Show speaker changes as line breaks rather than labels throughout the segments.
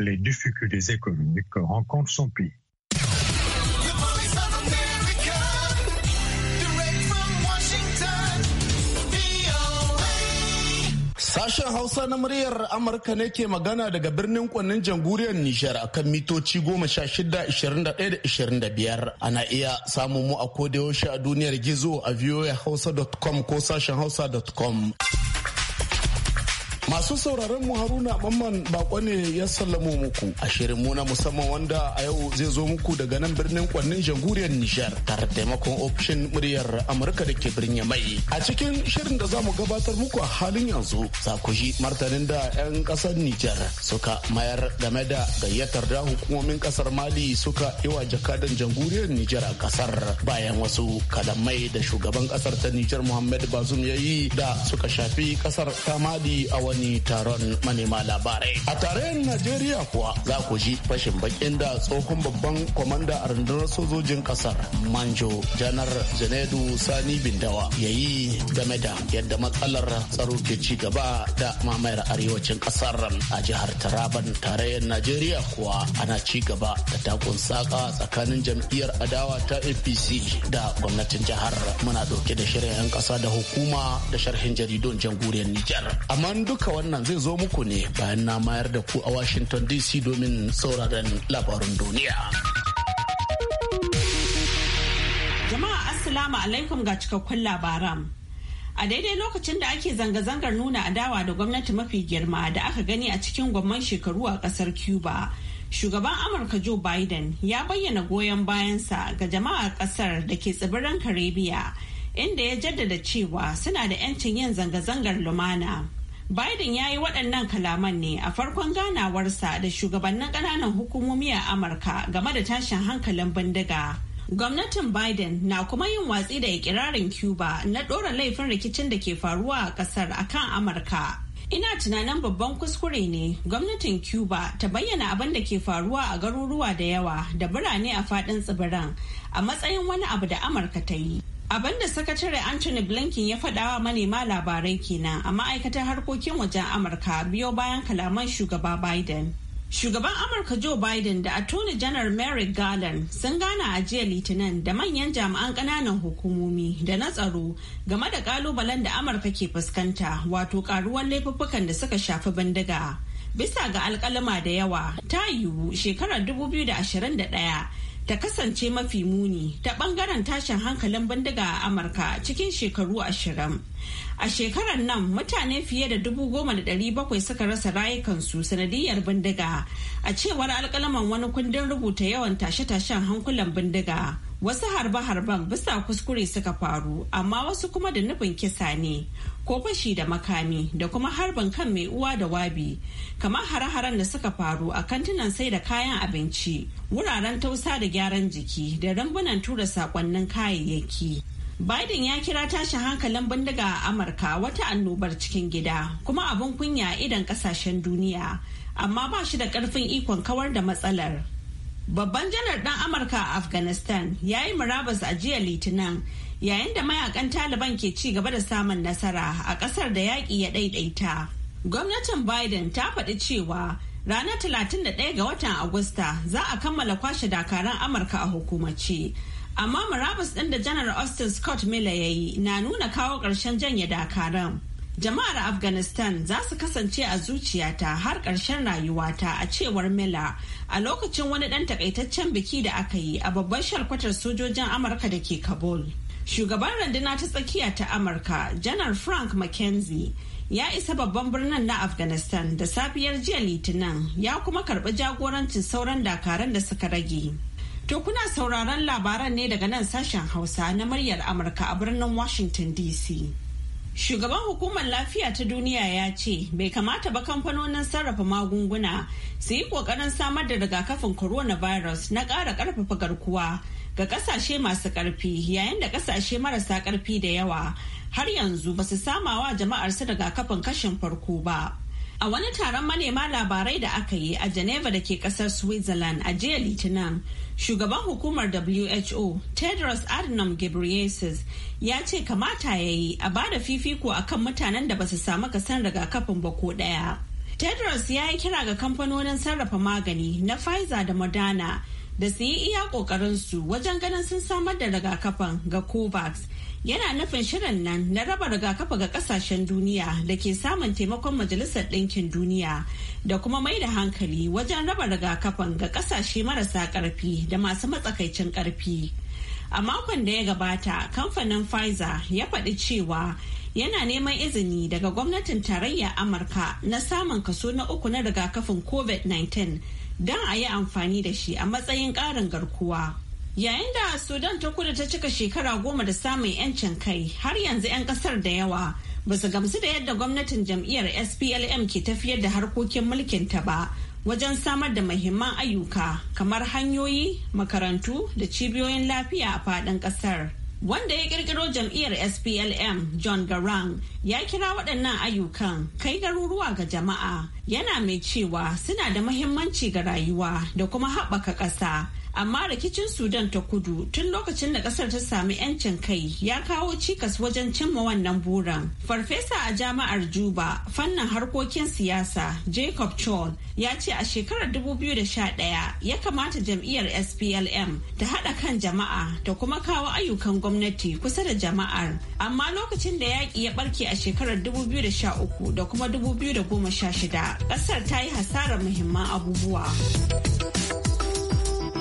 les difficultés économiques que rencontre son pays.
Sashen Hausa na muryar Amurka ne ke magana daga birnin kwannin jamhuriyar Nijar kan mitoci goma sha shida ishirin da ɗaya da ishirin da biyar. Ana iya samun mu a kodayaushe a duniyar gizo a voahausa.com ko sashen hausa.com. Masu sauraron mu Haruna Mamman bako ne ya sallamo muku a shirin mu na musamman wanda a yau zai zo muku daga nan birnin kwannin jamhuriyar Nijar tare da taimakon ofishin muryar Amurka da ke birnin mai. A cikin shirin da za mu gabatar muku a halin yanzu za ku ji martanin da 'yan kasar Nijar suka mayar game da gayyatar da hukumomin kasar Mali suka yi wa jakadan jamhuriyar Nijar a kasar bayan wasu kalamai da shugaban kasar ta Nijar Muhammadu Bazoum ya yi da suka shafi kasar ta Mali a wani wani taron manema labarai. A tarayyar Najeriya kuwa za ku ji fashin bakin da tsohon babban kwamanda a rundunar sojojin kasar Manjo Janar Janedu Sani Bindawa ya yi game da yadda matsalar tsaro ke ci gaba da mamayar arewacin kasar a jihar Taraban tarayyar Najeriya kuwa ana ci gaba da takun saka tsakanin jam'iyyar adawa ta APC da gwamnatin jihar muna dauke da shirin 'yan kasa da hukuma da sharhin jaridun jamhuriyar Nijar. Amma duka duka wannan zai zo muku ne bayan na mayar da ku a Washington DC domin sauraron labarun duniya.
Jama'a Assalamu alaikum ga cikakkun labaran. A daidai lokacin da ake zanga-zangar nuna adawa da gwamnati mafi girma da aka gani a cikin gwamman shekaru a kasar Cuba. shugaban amurka joe biden ya bayyana goyon bayansa ga jama'a kasar da ke tsibirin karibiya inda ya jaddada cewa suna da 'yancin yin zanga-zangar lumana Biden ya yi waɗannan kalaman ne a farkon ganawarsa da shugabannin ƙananan hukumomi a Amurka game da tashin hankalin bindiga. Gwamnatin Biden na kuma yin watsi da ikirarin Cuba na ɗora laifin rikicin da ke faruwa a ƙasar a kan Amurka. Ina tunanin babban kuskure ne gwamnatin Cuba ta bayyana abin da ke faruwa a garuruwa da yawa da birane a faɗin tsibiran a matsayin wani abu da Amurka ta yi. Abin da sakatare Anthony Blinken ya faɗawa manema labarai kenan a ma'aikatar harkokin wajen Amurka biyo bayan kalaman shugaba Biden. Shugaban Amurka Joe Biden da Attorney General Merrick Garland sun gana a jiya Litinin da manyan jami'an ƙananan hukumomi da na tsaro game da ƙalubalen da Amurka ke fuskanta wato ƙaruwar laifuffukan da suka shafi bindiga. Bisa ga alkalima da yawa, ta yiwu shekarar 2021 ta kasance mafi muni ta bangaren tashin hankalin bindiga a amurka cikin shekaru ashirin a shekarar nan mutane fiye da dubu goma da ɗari bakwai suka rasa rayukansu sanadiyar bindiga a cewar alkalaman wani kundin rubuta yawan tashe-tashen hankulan bindiga Wasu harbe-harben bisa kuskure suka faru, amma wasu kuma da nufin kisa ne, ko fashi da makami da kuma harbin kan mai uwa da wabi, kamar hare-haren da suka faru a kantinan sai da kayan abinci, wuraren tausa da gyaran jiki da rambunan tura sakonnin kayayyaki. Biden ya kira tashi hankalin bindiga a Amurka wata annobar cikin gida kuma abin kunya idan kasashen duniya, amma ba shi da karfin ikon kawar da matsalar. Babban janar ɗan Amurka a Afghanistan ya yi murabas a jiya Litinin yayin da mayakan Taliban ke ci gaba da samun nasara a ƙasar da yaƙi ya ɗaiɗaita. Gwamnatin Biden ta faɗi cewa ranar 31 ga watan Agusta za a kammala kwashe dakaran Amurka a hukumace. Amma murabus ɗin da janar Austin Scott Miller ya yi na nuna kawo ƙarshen janye dakaran. Jama'ar Afghanistan za su kasance a zuciyata har ƙarshen rayuwata a cewar Miller a lokacin wani ɗan takaitaccen biki da aka yi a babban shalkwatar sojojin Amurka da ke Kabul. Shugaban randuna ta tsakiya ta Amurka, Janar Frank McKenzie, ya isa babban birnin na Afghanistan da safiyar jiya Litinin ya kuma karɓi jagorancin sauran dakaran da suka rage. To kuna sauraron labaran ne daga nan sashen Hausa na muryar Amurka a birnin Washington DC. Shugaban hukumar lafiya ta duniya ya ce bai kamata ba kamfanonin sarrafa magunguna su yi kokarin samar da rigakafin coronavirus na ƙara ƙarfafa garkuwa ga ƙasashe masu ƙarfi yayin da ƙasashe marasa ƙarfi da yawa har yanzu ba su samawa jama'ar su rigakafin kashin farko ba. A wani taron manema labarai da aka yi a Geneva da ke kasar Switzerland a jiya Litinin, shugaban hukumar WHO Tedros Adhanom Ghebreyesus ya ce kamata ya yi a bada fifiko a kan mutanen da basu samu kasan rigakafin ba ko ɗaya. Tedros ya yi kira ga kamfanonin sarrafa magani na Pfizer da Moderna da su yi iya ƙoƙarinsu wajen ganin sun samar da rigakafin ga COVAX. yana nufin shirin nan na raba rigakafi ga kasashen duniya da ke samun taimakon majalisar ɗinkin duniya da kuma mai da hankali wajen raba rigakafin ga kasashe marasa ƙarfi da masu matsakaicin ƙarfi a makon da ya gabata kamfanin pfizer ya faɗi cewa yana neman izini daga gwamnatin tarayya amurka na samun kaso na uku na rigakafin covid-19 don a yi amfani da shi a matsayin ƙarin garkuwa. Yayin da Sudan ta kudu ta cika shekara goma da samun 'yancin kai har yanzu 'yan kasar da yawa ba su gamsu da yadda gwamnatin jam'iyyar SPLM ke tafiyar da harkokin mulkin ta ba wajen samar da mahimman ayyuka kamar hanyoyi, makarantu da cibiyoyin lafiya a faɗin kasar. Wanda ya kirkiro jam'iyyar SPLM John Garang ya kira waɗannan ayyukan kai garuruwa ga jama'a yana mai cewa suna da mahimmanci ga rayuwa da kuma haɓaka ƙasa. amma rikicin sudan ta kudu tun lokacin da kasar ta sami 'yancin kai ya kawo cikas wajen cimma wannan buran farfesa a jami'ar juba fannin harkokin siyasa jacob chol ya ce a shekarar 2011 ya kamata jam'iyyar splm ta haɗa kan jama'a ta kuma kawo ayyukan gwamnati kusa da jama'ar amma lokacin da yaƙi ya barke a shekarar 2013 da kuma 2016 ƙasar ta yi hasarar muhimman abubuwa.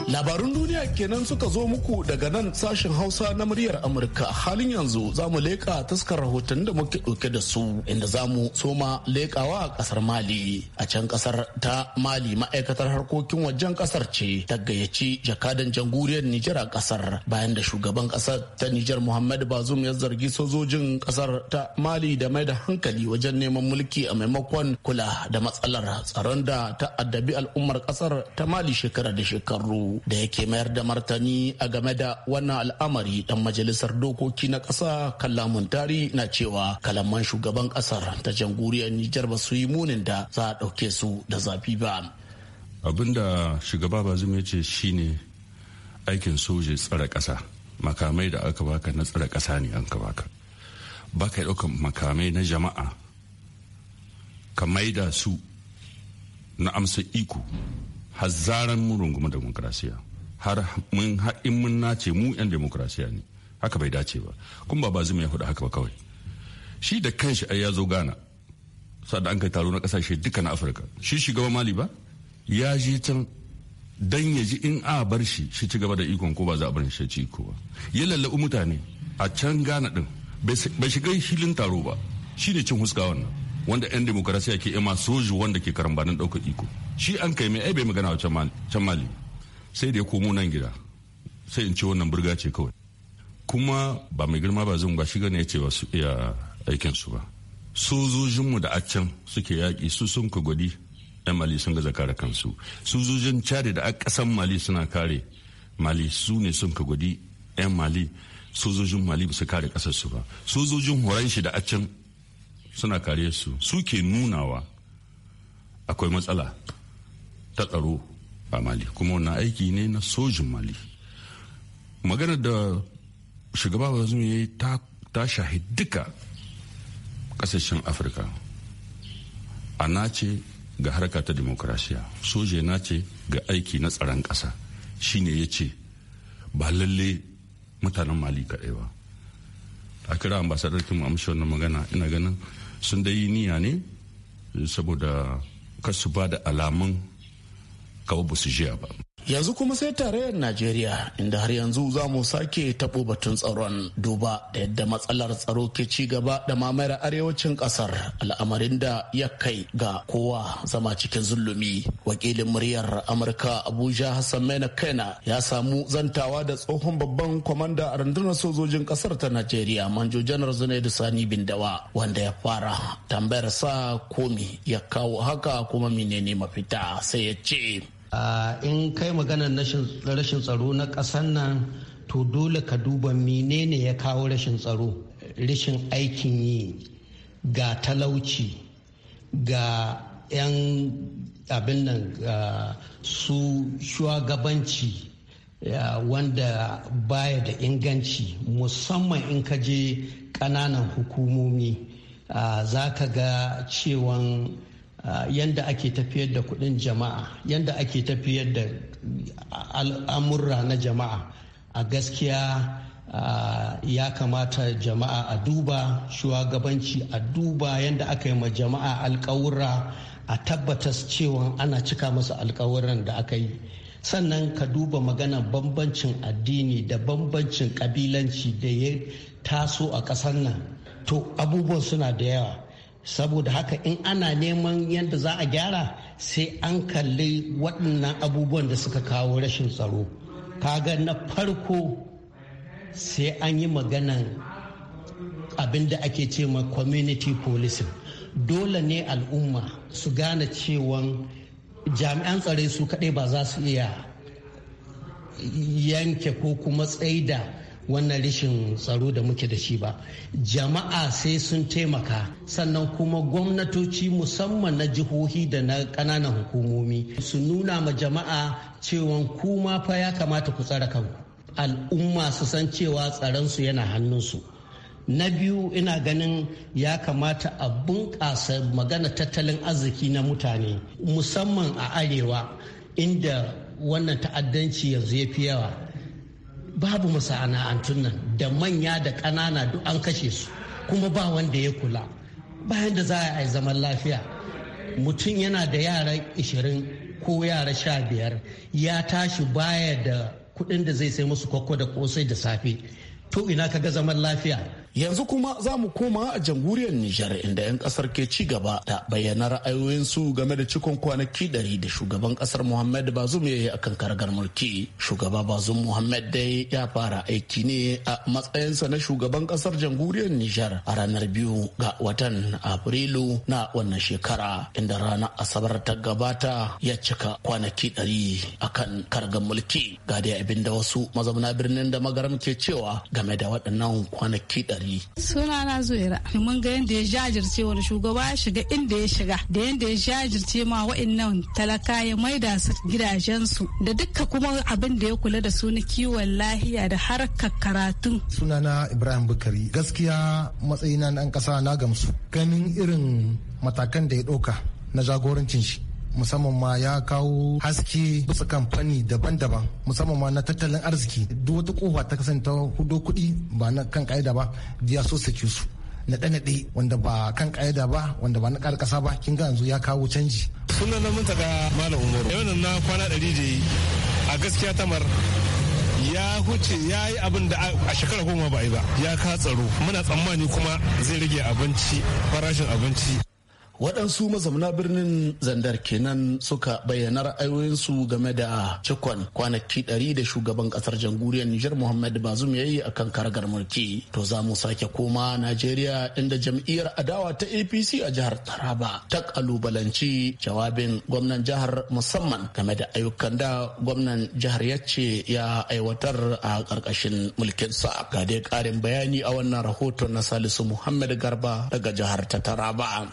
Labarun duniya kenan suka zo muku daga nan sashen Hausa na muryar Amurka. Halin yanzu za mu leƙa taskar rahoton da muke ɗauke da su inda za mu soma leƙawa a ƙasar Mali. A can ƙasar ta Mali ma'aikatar harkokin wajen ƙasar ce ta gayyaci jakadan jamhuriyar Nijar a ƙasar bayan da shugaban ƙasar ta Nijar Muhammadu Bazoum ya zargi sojojin ƙasar ta Mali da mai da hankali wajen neman mulki a maimakon kula da matsalar tsaron da ta addabi al'ummar ƙasar ta Mali shekara da shekaru. da yake mayar da martani a game da wannan al'amari dan majalisar dokoki na ƙasa kan lamuntari na cewa kalaman shugaban ƙasar ta jamhuriyar Nijar ba su yi munin da za a ɗauke su da zafi ba.
abinda shugaba Bazum ya ce shine aikin soja tsare ƙasa makamai da aka baka na tsare ƙasa ne an ka baka. Baka ɗaukan makamai na jama'a ka maida su na amsa iko Hazaran mu mun rungumi demokrasiya har mun haɗin mun nace mu 'yan demokrasiya ne haka bai dace ba kuma ba zuma ya faɗi haka ba kawai shi da kanshi ai ya zo gana sa'ad an kai taro na kasashe duka na afirka shi shugaban mali ba ya je can dan ya ji in a bar shi shi ci gaba da ikon ko ba za a bar shi ci ko ba ya lallaɓi mutane a can gana din bai shiga filin taro ba shi ne cin huska wannan wanda 'yan demokrasiya ke ma soju wanda ke karambanin ɗaukar iko shi an kai mai ai bai magana can mali sai da ya komo nan gida sai in ce wannan burga ce kawai kuma ba mai girma ba zan ba shi gane ya ce ba su iya aikin su ba sojojinmu da accan suke yaƙi su sun ka gwadi yan mali sun gaza kare kansu sojojin cari da ƙasan mali suna kare mali su ne sun ka gwadi yan mali sojojin mali ba su kare ƙasar su ba sojojin horon shi da accan suna kare su suke nunawa akwai matsala ta tsaro a mali kuma wannan aiki ne na sojin mali magana da shugaba bazum ya yi ta shahi duka kasashen afirka a nace ga harka ta demokrasiya soja na ce ga aiki na tsaron ƙasa shine ya ce ba lalle mutanen mali kaɗai ba a kira ambasadar kim amshi wannan magana ina ganin sun da yi niyya ne saboda kasu ba da alamun kawo ba su jiya ba
yanzu kuma sai tarayyar najeriya inda har yanzu za mu sake taɓo batun tsaron duba da yadda matsalar tsaro ke ci gaba da mamayar arewacin ƙasar al'amarin da ya kai ga kowa zama cikin zulumi wakilin muryar amurka abuja hassan maina kaina ya samu zantawa da tsohon babban kwamanda a rundunar sojojin ƙasar ta najeriya manjo janar zunaidu sani bindawa wanda ya fara tambayar sa komi ya kawo haka kuma menene mafita sai ya
ce
in kai maganar rashin tsaro na ƙasan nan to dole ka duba menene ya kawo rashin tsaro rashin aikin yi ga talauci ga 'yan abin nan su shugabanci wanda baya da inganci musamman in ka je ƙananan hukumomi za ka ga cewan Ah, yanda ake tafiyar da kudin jama'a yanda ake tafiyar da al'amurra na jama'a a gaskiya ah, ya kamata jama'a a duba shugabanci a duba yanda aka yi ma jama'a alkawura a tabbatas cewa ana cika masa alkawuran da aka yi sannan ka duba magana bambancin addini da bambancin kabilanci da ya taso a ƙasar nan to abubuwan suna da yawa saboda haka in ana neman yadda za a gyara sai an kalli waɗannan abubuwan da suka kawo rashin tsaro kaga na farko sai an yi maganan abin da ake ce ma community policing dole ne al'umma su gane cewa jami'an tsare su kaɗai ba za su iya yanke ko kuma tsaida wannan rishin tsaro da muke da shi ba jama'a sai sun taimaka sannan kuma gwamnatoci musamman na jihohi da na ƙananan hukumomi su nuna ma jama'a cewa kuma fa ya kamata ku tsara kanku al'umma su san cewa su yana hannunsu na biyu ina ganin ya kamata a bunƙasa magana tattalin arziki na mutane musamman a arewa inda wannan ta'addanci yanzu ya fi yawa babu masana'antun nan da manya da ƙanana duk an kashe su kuma ba wanda ya kula bayan da za a yi zaman lafiya mutum yana da yara 20 ko yara sha biyar ya tashi baya da kuɗin da zai sai musu kwakwa da kosai da
safe to ina ka ga zaman lafiya yanzu kuma za mu koma a jamhuriyar nijar inda 'yan kasar ke ci gaba da bayyana su game da cikon kwanaki ɗari da shugaban kasar muhammad bazum ya yi akan kargar mulki shugaba bazum muhammad dai ya fara aiki ne a matsayinsa na shugaban kasar jamhuriyar nijar a ranar biyu ga watan afrilu na wannan shekara inda rana asabar ta gabata ya cika kwanaki ɗari akan kargar mulki ga dai abin wasu mazauna birnin da magaram ke cewa game da waɗannan kwanaki ɗari gari.
Suna na zuwa mun ga yadda ya jajirce wani shugaba ya shiga inda ya shiga da yadda ya jajirce ma wa'annan talaka ya maida
su gidajensu da duka kuma abin da ya kula da su na kiwon lahiya da harkar karatu. Suna na
Ibrahim Bukari
gaskiya matsayina na ƙasa na gamsu ganin irin matakan da ya ɗauka na jagorancin shi musamman ma ya kawo haske bisa kamfani daban-daban musamman ma na tattalin arziki duk wata kofa ta kasanta hudo kuɗi ba na kan ka'ida ba ya so su su naɗe-naɗe wanda ba kan ƙa'ida ba wanda ba na ƙar ƙasa ba kin ga yanzu ya kawo canji.
sunan na muntaka malam umar yau na kwana ɗari da yi a gaskiya tamar ya huce ya yi abin da a shekara goma ba yi ba ya ka tsaro muna tsammani kuma zai rage abinci
farashin abinci waɗansu mazauna birnin zandar kenan suka bayyana ra'ayoyinsu game da cikon kwanaki ɗari da shugaban ƙasar jamhuriyar nijar muhammad bazum ya yi a kan karagar mulki to za mu sake koma najeriya inda jam'iyyar adawa ta apc a jihar taraba ta kalubalanci jawabin gwamnan jihar musamman game da ayyukan da gwamnan jihar ya ce ya aiwatar a ƙarƙashin mulkinsa ga dai ƙarin bayani a wannan rahoton na salisu muhammad garba daga jihar ta taraba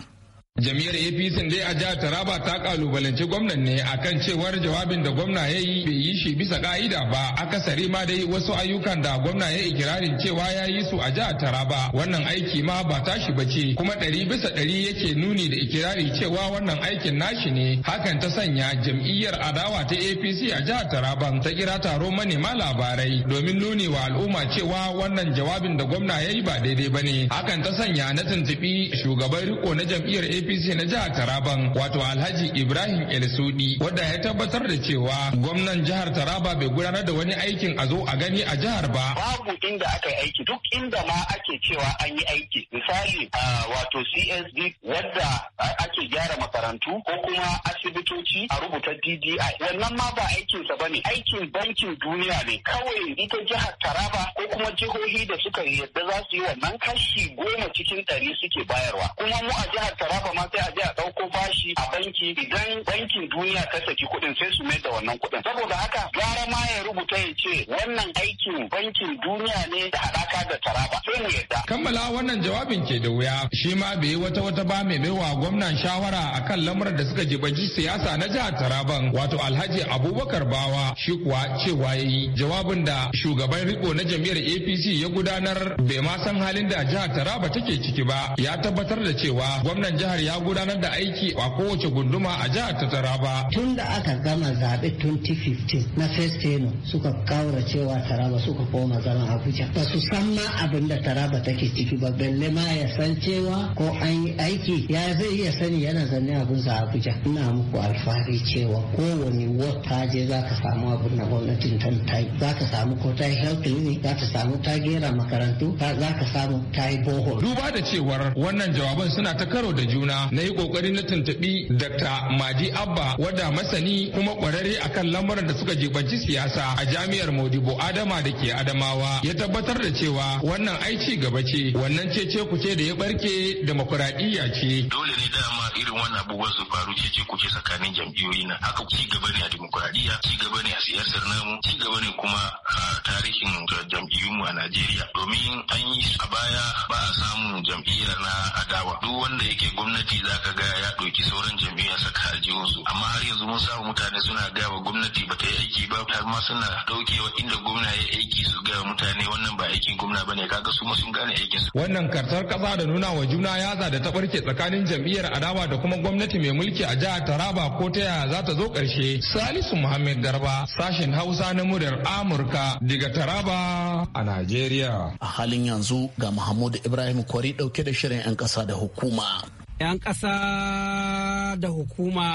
Jami'ar APC dai a jihar Taraba ta kalubalanci gwamnan ne a kan cewar jawabin da gwamna ya yi bai yi shi bisa ka'ida ba akasari ma dai wasu ayyukan da gwamna ya ikirarin cewa ya yi su a jihar Taraba wannan aiki ma ba tashi ba ce kuma ɗari bisa ɗari yake nuni da ikirari cewa wannan aikin nashi ne hakan ta sanya jam'iyyar adawa ta APC a jihar Taraba ta kira taro manema labarai domin nuni wa al'umma cewa wannan jawabin da gwamna ya yi ba daidai ba ne hakan ta sanya na tuntuɓi shugaban riko na jam'iyyar APC apc na jihar taraban wato alhaji ibrahim elsudi wadda ya tabbatar da cewa gwamnan jihar taraba bai gudanar da wani aikin a zo a gani a jihar ba
babu inda aka yi aiki duk inda ma ake cewa an yi aiki misali wato csd wadda ake gyara makarantu ko kuma asibitoci
a rubuta ddi wannan ma ba aikinsa ba ne aikin bankin duniya ne kawai ita jihar taraba ko kuma jihohi da suka yarda za su yi wannan kashi goma cikin ɗari suke bayarwa kuma
mu a jihar taraba amma sai a je a ɗauko bashi a banki idan bankin duniya ta saki kuɗin
sai su mai da wannan kuɗin saboda haka gara ma ya rubuta ya ce wannan aikin bankin
duniya ne da haɗaka da taraba sai mu
yadda. kammala wannan jawabin ke da wuya shi ma bai yi wata wata ba mai baiwa gwamnan shawara akan lamuran da suka jibanci siyasa na jihar taraban wato alhaji abubakar bawa shi kuwa cewa ya yi jawabin da shugaban riko na jam'iyyar apc ya gudanar bai ma san halin da jihar taraba take ciki ba ya tabbatar da cewa gwamnan jihar ya gudanar da aiki a kowace gunduma a jihar ta Taraba. Tun da aka
gama zaɓe 2015 na Festino suka kaura cewa Taraba suka koma zama Abuja. Ba su san ma abin da Taraba take ciki ba balle ma ya san cewa ko an yi aiki ya zai iya sani yana zanne abin sa Abuja. Ina muku alfahari cewa kowane wata je za ka samu abin na gwamnatin ta za ka samu ko ta health clinic za ka samu ta gera makarantu za ka samu ta yi bohol.
Duba da cewar wannan jawaban suna ta karo da juna. juna na yi kokari na tuntubi dr madi abba wadda masani kuma kwararre kan lamuran da suka jibanci siyasa a jami'ar modibo adama da ke adamawa ya tabbatar da cewa wannan aici gaba ce wannan cece kuce da ya barke demokuraɗiyya ce dole
ne dama irin wannan abubuwan su faru cece kuce tsakanin jam'iyyoyi na haka ci gaba ne a demokuraɗiyya ci gaba ne a siyasar namu ci gaba ne kuma a tarihin jam'iyyunmu a najeriya domin an yi a baya ba a samun jam'iyyar na adawa duk wanda yake gwamnati gwamnati za ka ga ya ɗauki sauran jam'iyyu saka saka aljihunsu amma har yanzu mun samu mutane suna gaya wa gwamnati ba ta yi aiki ba har ma suna ɗaukewa inda gwamna ya aiki su gaya mutane wannan ba aikin gwamna ba ne kaga su ma sun gane aikin
su. wannan kartar kasa da nuna wa juna yatsa da ta ɓarke tsakanin jam'iyyar adawa da kuma gwamnati mai mulki a jihar taraba ko ta yaya za ta zo ƙarshe salisu muhammed garba sashen hausa na muryar amurka daga taraba a
najeriya a halin yanzu ga mahmud ibrahim kwari ɗauke da shirin 'yan ƙasa da hukuma
'yan ƙasa da hukuma.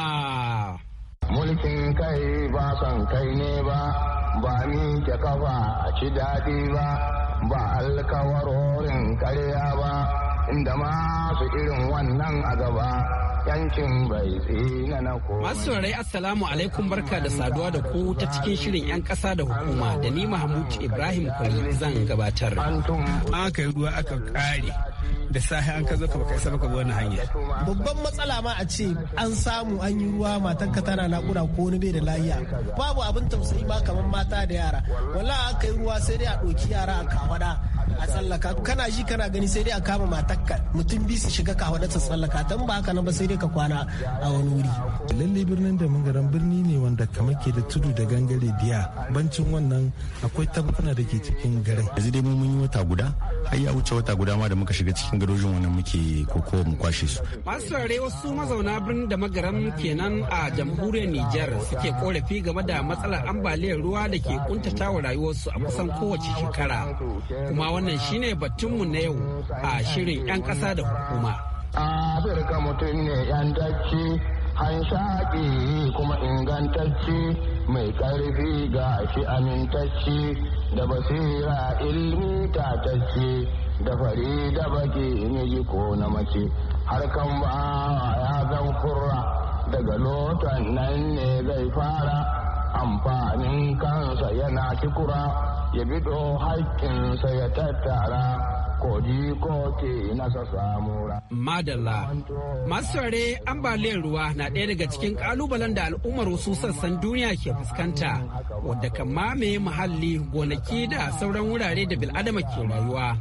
Mulkin kai ba son kai ne ba, ba ni ke kafa a ci daɗi ba, ba alkawarorin karya ba, inda masu irin wannan a gaba. bai tsina na
Masu saurari Assalamu alaikum barka da saduwa da ku ta cikin shirin 'yan ƙasa da hukuma da ni Mahmud Ibrahim Kwari zan gabatar. an yi ruwa aka ƙare. da sahi an ka zo ka baka isa baka bi hanya
babban matsala ma a ce an samu an yi ruwa matan ka tana nakuda ko wani bai da layiya. babu abin tausayi ma kamar mata da yara wallahi aka yi ruwa sai dai a ɗauki yara a kawada a tsallaka kana ji kana gani sai dai a kama matakka mutum bi su shiga ka su tsallaka don ba haka nan ba sai dai ka kwana
a wani wuri lalle birnin da mangaran birni ne wanda kamar ke da tudu da gangare biya bancin wannan akwai tabbana da ke cikin garin yanzu dai mun yi wata guda
har ya wuce wata guda ma da muka shiga cikin garojin wannan muke koko mu kwashe
su masu saurare wasu mazauna birnin da magaran kenan a jamhuriyar Nijar suke korafi game da matsalar ambaliyar ruwa da ke kuntatawa rayuwarsu a kusan kowace shekara wannan shine batunmu na yau a shirin 'yan ƙasa da hukuma.
Afirka mutum ne 'yan dace, hanshaƙi kuma ingantacce mai ƙarfi ga shi amintacce da basira ilmi tatacce da fari da baki ne ko na mace harkan ba ya zan kurra daga lotan nan ne zai fara amfanin kansa yana kikura. ya bido haƙƙinsa ya tattara
Madalla. Masu saurare ambaliyar ruwa na ɗaya daga cikin ƙalubalen da al'ummar wasu sassan duniya ke fuskanta wadda kan mamaye muhalli gonaki da sauran wurare da bil'adama ke rayuwa.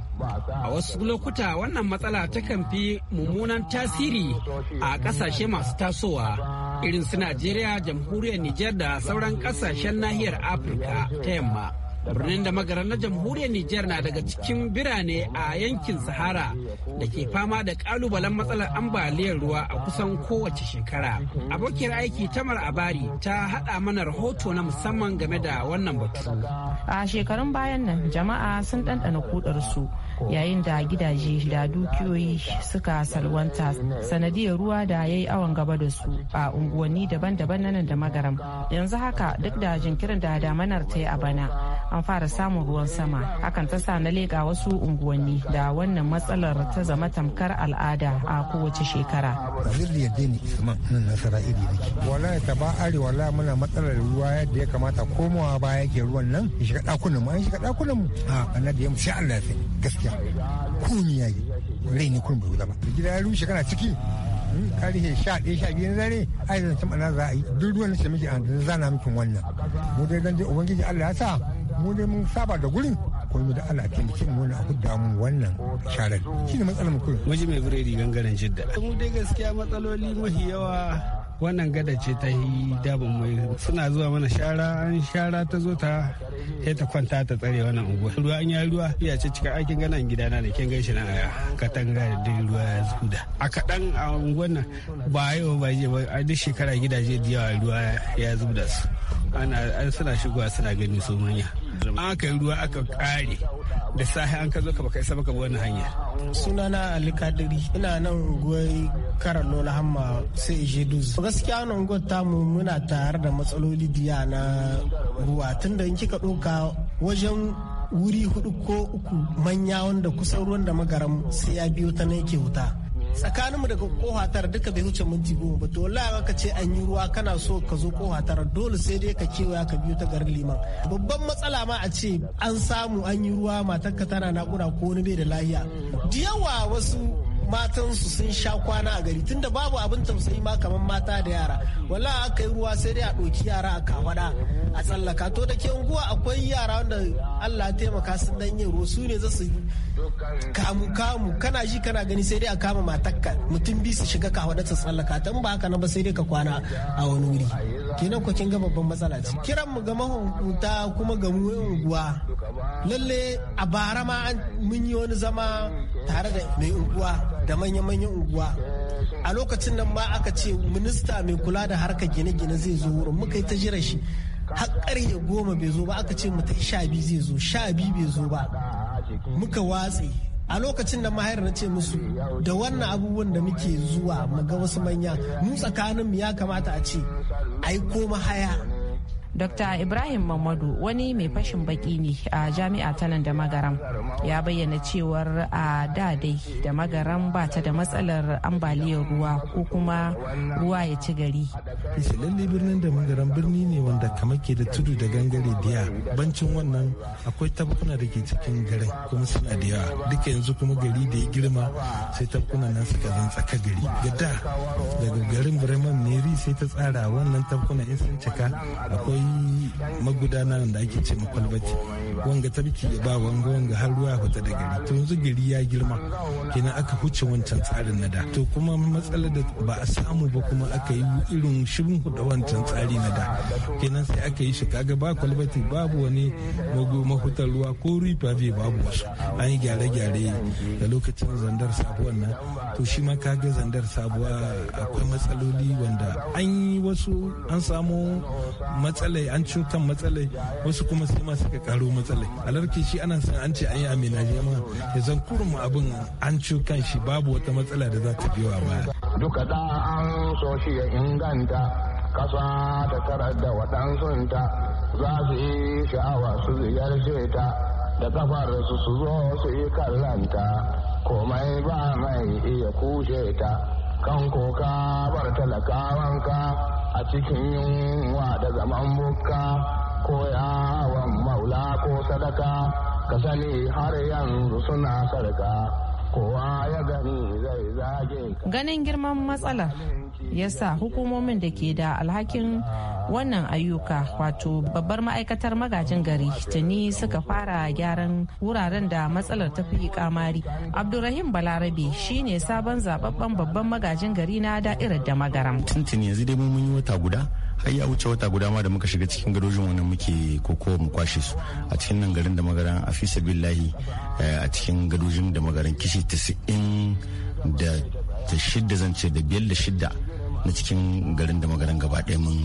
A wasu lokuta wannan matsala takan fi mummunan tasiri a ƙasashe masu tasowa irin su Najeriya, jamhuriyar Nijar da sauran ƙasashen nahiyar Afirka ta yamma. birnin da magaran na jamhuriyar Nijar na daga cikin birane a yankin Sahara da ke fama da kalubalen matsalar ambaliyar ruwa a kusan kowace shekara. Abokiyar aiki Tamar Abari ta haɗa mana rahoto na musamman game da wannan batu.
A shekarun bayan nan jama'a sun ɗanɗana su yayin da gidaje da dukiyoyi suka salwanta sanadiyar ruwa da ya yi awon gaba da su a unguwanni daban-daban nan da magaram. Yanzu haka duk da jinkirin da damanar ta yi a bana an fara samun ruwan sama hakan ta sa na leƙa wasu unguwanni da wannan matsalar ta zama tamkar al'ada a kowace shekara.
Wallahi ta ba arewa wallahi muna matsalar ruwa yadda ya kamata komawa baya ke ruwan nan ya shiga dakunan mu an shiga dakunan mu a na da yamma sai Allah ya fi gaskiya kuni ya yi rai ne kun bai ba gida ya rushe kana ciki karihe hmm, sha ɗaya sha biyu na dare ai zancen ana za a yi duk ruwan da muke an zana mutum wannan mu dai dan dai ubangiji Allah ya sa mu ne mun saba da gurin komai da ana taimake mu na hudda mu wannan sharar shi ne matsalar mu kullum
waje mai biredi gangaren jidda mu dai gaskiya matsaloli mafi yawa wannan gada ce ta yi dabin mai suna zuwa mana shara an shara ta zo ta ya ta kwanta ta tsare wannan unguwa ruwa an yi ruwa ya ce cikin aikin ganan gidana da kin gaishe na aya katanga da ruwa ya da a kaɗan a unguwan nan ba yau ba je ba a duk shekara gidaje da yawa ruwa ya da su ana suna shigowa suna gani su manya aka yi ruwa aka kare da sahi an kazo ka baka isa baka hanya sunana ali kadiri ina nan
unguwar karan lola hamma sai ishe duz gaskiya wani unguwar tamu muna tare da matsaloli diya na ruwa tunda in kika ɗauka wajen wuri hudu ko uku manya wanda kusan ruwan da magaram sai ya biyo ta na yake wuta tsakaninmu daga kofa tara duka bai wuce minti goma ba to wallahi ka ce an yi ruwa kana so ka zo kofa tara dole sai dai ka kewaya ka biyo ta garin liman babban matsala ma a ce an samu an yi ruwa matarka tana nakuda ko wani bai da lahiya da yawa wasu matansu sun sha kwana a gari tunda babu abin tausayi ma kamar mata da yara wala aka yi ruwa sai dai a ɗauki yara a kawada a tsallaka to da ke unguwa akwai yara wanda allah taimaka sun dan yin ruwa su ne za su kamu kamu kana ji kana gani sai dai a kama matakka mutum bi su shiga ka wadata tsallaka tan ba haka ba sai dai ka kwana a wani wuri kenan ko kin ga babban matsala ce kiran mu ga mahukunta kuma ga mu unguwa lalle a bara ma mun yi wani zama tare da mai unguwa da manya-manyan unguwa a lokacin nan ma aka ce minista mai kula da harkar gine-gine zai zo wurin muka yi ta jira shi har karfe goma bai zo ba aka ce mu ta sha biyu zai zo sha biyu bai zo ba muka watse a lokacin da mahayar na ce musu da wannan abubuwan da muke zuwa ga wasu manya mu tsakaninmu ya kamata a ce ai ko mahaya
Dr. Ibrahim Mamadu wani mai fashin baki ne a jami'a ta nan da magaram ya bayyana cewar a da dai da magaram ba ta da matsalar ambaliyar ruwa ko kuma ruwa ya ci gari.
Lalle birnin da magaram birni ne wanda kama ke da tudu da gangare diya bancin wannan akwai tabkuna da ke cikin garin kuma suna da yawa duka yanzu kuma gari da ya girma sai tabkuna nan suka zan tsaka gari gada daga garin Bremen Meri sai ta tsara wannan tabkuna in sun cika akwai akwai magudanar da ake ce makwalbati wanga biki ya ba wanga wanga har ruwa fita da gari to yanzu gari ya girma kenan aka huce wancan tsarin na da to kuma matsalar da ba a samu ba kuma aka yi irin shirin da wancan tsari na da kenan sai aka yi shi kaga ba kwalbati babu wani mahutar ruwa ko rifa bai babu wasu an yi gyare-gyare da lokacin zandar sabuwar nan to shi ma kaga zandar sabuwa akwai matsaloli wanda an yi wasu an samu matsala matsalai an cin kan matsalai wasu kuma su ma suka karo matsalai alarki shi ana san an ce an yi amina jama ya zan abin an cin kan shi babu wata matsala da za ta biyo a baya.
duka da an so shi ya inganta kasa ta tarar da waɗansunta za su yi sha'awa su ziyarce ta da kafar su su zo su yi kallanta komai ba mai iya kushe ta kan koka bar talakawanka a cikin yunwa da zaman bukka ko yawan maula ko sadaka ka sani har yanzu suna sarka.
ganin girman matsalar ya sa hukumomin da ke da alhakin wannan ayyuka wato babbar ma'aikatar magajin gari tuni suka fara gyaran wuraren da matsalar ta fi kamari abdurrahim balarabe shine sabon zababben babban magajin gari na da'irar da magaram
tuntun yanzu dai mun yi wata guda har ya wuce wata guda ma da muka shiga cikin garojin wannan muke koko mu kwashe su a cikin nan garin da magaran a billahi eh, a cikin garojin da magaran kishi 90 da ta shidda zance da biyar da shidda na cikin garin da magaran gaba ɗaya mun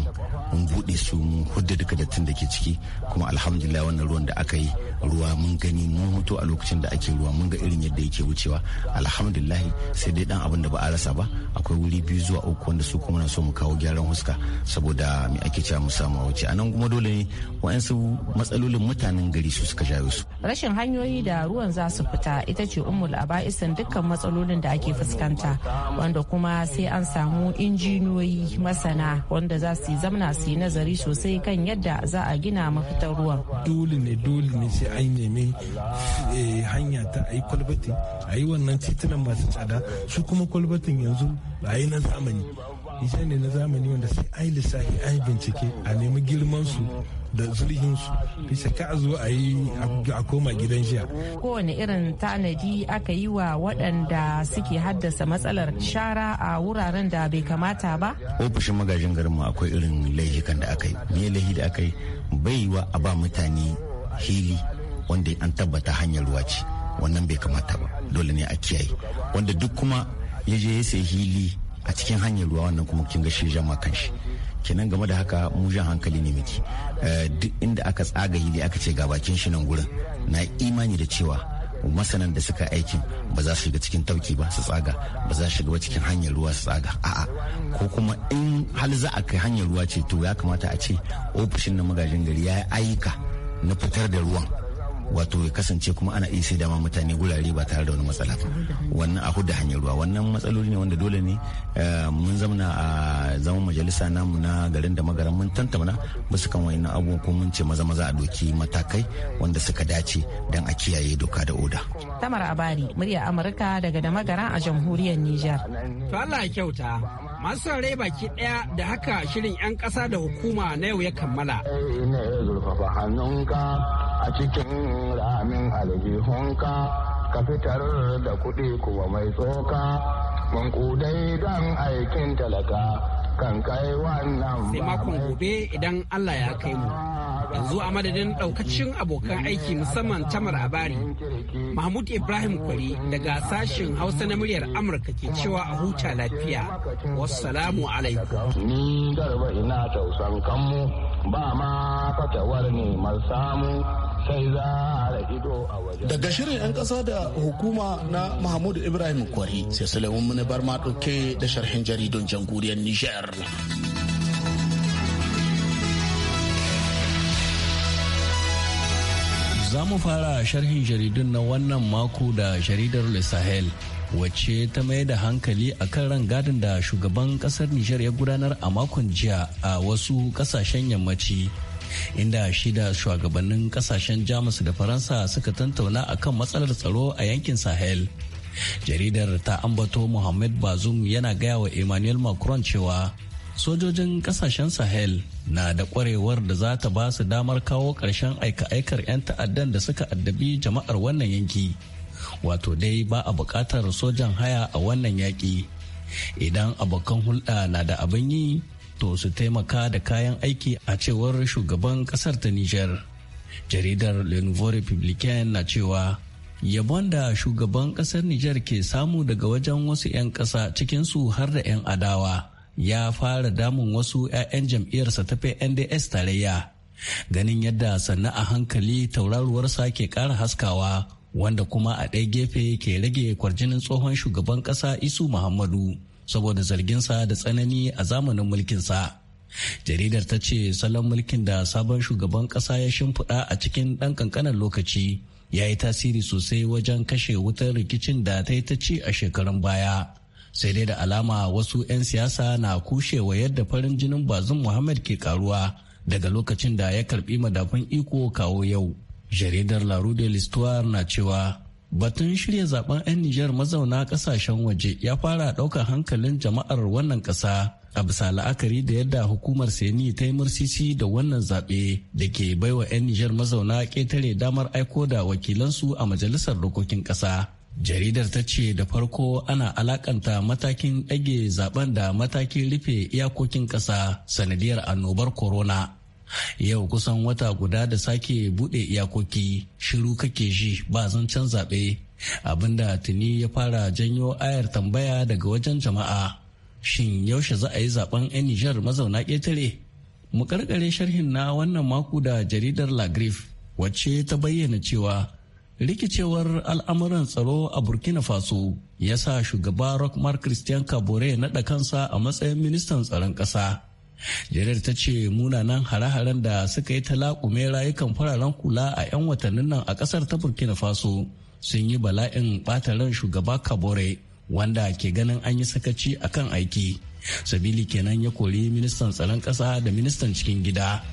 mun buɗe su mun hudda duka dattin da ke ciki kuma alhamdulillah wannan ruwan da aka yi ruwa mun gani mun mutu a lokacin da ake ruwa mun ga irin yadda yake wucewa alhamdulillah sai dai dan abin da ba a rasa ba akwai wuri biyu zuwa uku wanda su kuma na so mu kawo gyaran huska saboda me ake cewa mu samu wuce a kuma dole ne wa'ansu matsalolin mutanen gari su suka jawo su
rashin hanyoyi da ruwan za su fita ita ce ummul aba'isin dukkan matsalolin da ake fuskanta wanda kuma sai an samu inji injiniyoyi masana wanda za su zamna su yi nazari sosai kan yadda za a gina mafitar
ruwan dole ne dole ne sai an nemi eh, hanya ta a yi kwalbatin a yi wannan titunan masu tsada su kuma kwalbatin yanzu a yi na zamani ishe ne na zamani wanda sai ai lissafi ai bincike a nemi girmansu da zurhinsu bisa ka zo a yi a koma gidan jiya
kowane irin tanadi aka yi wa waɗanda suke haddasa matsalar shara a wuraren da bai kamata ba
ofishin magajin garin mu akwai irin laifukan da aka yi me laifi da aka yi bai wa a ba mutane hili wanda an tabbata hanyar ruwa ce wannan bai kamata ba dole ne a kiyaye wanda duk kuma ya je ya sayi hili a cikin hanyar ruwa wannan kuma kin ga shi jama kanshi kenan game da haka mu jan hankali ne miki eh, duk inda aka tsaga hili aka ce ga bakin shi nan gurin na imani da cewa masanan da suka aikin ba za su shiga cikin tauki ba su tsaga ba za su shiga ba cikin hanyar ruwa su tsaga a'a ko kuma in hal za a kai hanyar ruwa ce to ya kamata a ce ofishin na magajin gari ya yi ayyuka na fitar da ruwan wato ya kasance kuma ana iya sai dama mutane gurare ba tare da wani matsala ba wannan a huda hanyar ruwa wannan matsaloli ne wanda dole ne eh, mun zamana a zaman majalisa namu na garin da magaran mun tantamana ba su kan wayannan abubuwan ko mun ce maza maza a doki matakai wanda suka dace don a kiyaye doka da oda.
Tamar Abari, murya Amurka daga da magara a jamhuriyar Nijar.
To Allah ya kyauta, masu rai baki daya da haka shirin 'yan kasa da hukuma na yau ya kammala.
Eh, a cikin ramin aljihunka ka fitar da kuɗi kuma mai tsoka kudai don aikin talaka kan kai wannan sai makon
gobe idan Allah ya kai mu yanzu a madadin daukacin abokan aiki musamman tamar abari mahmud ibrahim kwari daga sashen hausa na muryar amurka ke cewa a huta lafiya wassalamu
alaikum ni garba ina tausan kanmu ba ma fatawar ne samu Daga shirin 'yan
kasa da hukuma na Mahmud Ibrahim Kwari sai Sulaiman bar ma ɗauke da sharhin jaridun jamhuriyar Nijar.
Za mu fara sharhin jaridun na wannan mako da jaridar Le wacce ta mai da hankali a kan rangadin da shugaban kasar Nijar ya gudanar a makon jiya a wasu kasashen yammaci inda shida shugabannin kasashen jamus da faransa suka tantauna kan matsalar tsaro a yankin sahel jaridar ta ambato mohammed bazoum yana gaya wa emmanuel macron cewa sojojin kasashen sahel na da kwarewar da za ta ba su damar kawo ƙarshen aika-aikar 'yan ta'addan da suka addabi jama'ar wannan yanki wato dai ba a buƙatar sojan haya a wannan yaƙi idan abokan hulɗa na da abin yi to su taimaka da kayan aiki a cewar shugaban kasar ta Nijar. Jaridar Le Nouveau Republicain na cewa yabon da shugaban kasar Nijar ke samu daga wajen wasu 'yan ƙasa cikinsu har da 'yan adawa ya fara damun wasu 'ya'yan jam'iyyarsa ta PNDS tarayya. Ganin yadda sannu a hankali tauraruwarsa ke ƙara haskawa wanda kuma a ɗaya gefe ke rage kwarjinin tsohon shugaban ƙasa Isu Muhammadu. saboda zarginsa da tsanani a zamanin mulkinsa. jaridar ta ce salon mulkin da sabon shugaban ƙasa ya shimfiɗa a cikin ɗan ƙanƙanar lokaci ya yi tasiri sosai wajen kashe wutar rikicin da ta yi ta ci a shekarun baya sai dai da alama wasu 'yan siyasa na kushe wa yadda farin jinin bazin muhammad ke karuwa daga lokacin da ya karbi madafin iko kawo yau jaridar la rue de na cewa batun shirya zaben 'yan Nijar mazauna kasashen waje ya fara ɗaukar hankalin jama'ar wannan ƙasa a bisa la'akari da yadda hukumar seni ta yi mursisi da wannan zaɓe da ke baiwa 'yan Nijar mazauna ƙetare damar aiko da wakilansu a majalisar dokokin ƙasa. Jaridar ta ce da farko ana alakanta matakin ɗage zaben da matakin rufe iyakokin ƙasa sanadiyar annobar corona. yau kusan wata guda da sake bude iyakoki shiru kake shi ba zancen zaɓe abinda tuni ya fara janyo ayar tambaya daga wajen jama'a shin yaushe za a yi zaben 'yan nijar mazauna ƙetare mu karkare sharhin na wannan mako da jaridar lagrif wacce ta bayyana cewa rikicewar al'amuran tsaro a burkina faso ya sa shugaba rockmar christian cabore na kansa a matsayin ministan tsaron ƙasa jaridar ta ce munanan hare-haren da suka yi talakume rayukan fararen kula a 'yan watannin nan a kasar ta burkina faso sun yi bala'in ɓata ran shugaba kabore wanda ke ganin an yi sakaci a kan aiki sabili kenan ya kori ministan tsaron ƙasa da ministan cikin gida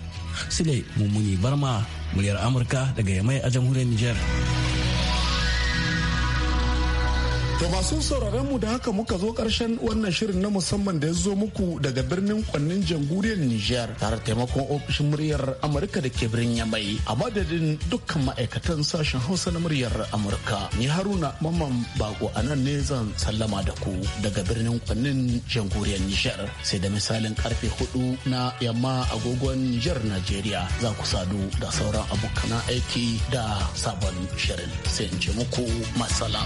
sule mummuni barma muryar amurka daga yamai a jamhuriyar niger
To masu sauraron mu da haka muka zo karshen wannan shirin na musamman da ya zo muku daga birnin kwannin jamhuriyar Nijar tare taimakon ofishin muryar Amurka da ke birnin Yamai a madadin dukkan ma'aikatan sashen Hausa na muryar Amurka. Ni Haruna Mamman Bako a nan ne zan sallama da ku daga birnin kwannin jamhuriyar Nijar sai da misalin karfe hudu na yamma agogon Nijar Najeriya za ku sadu da sauran abokan aiki da sabon shirin sai in ce muku masala.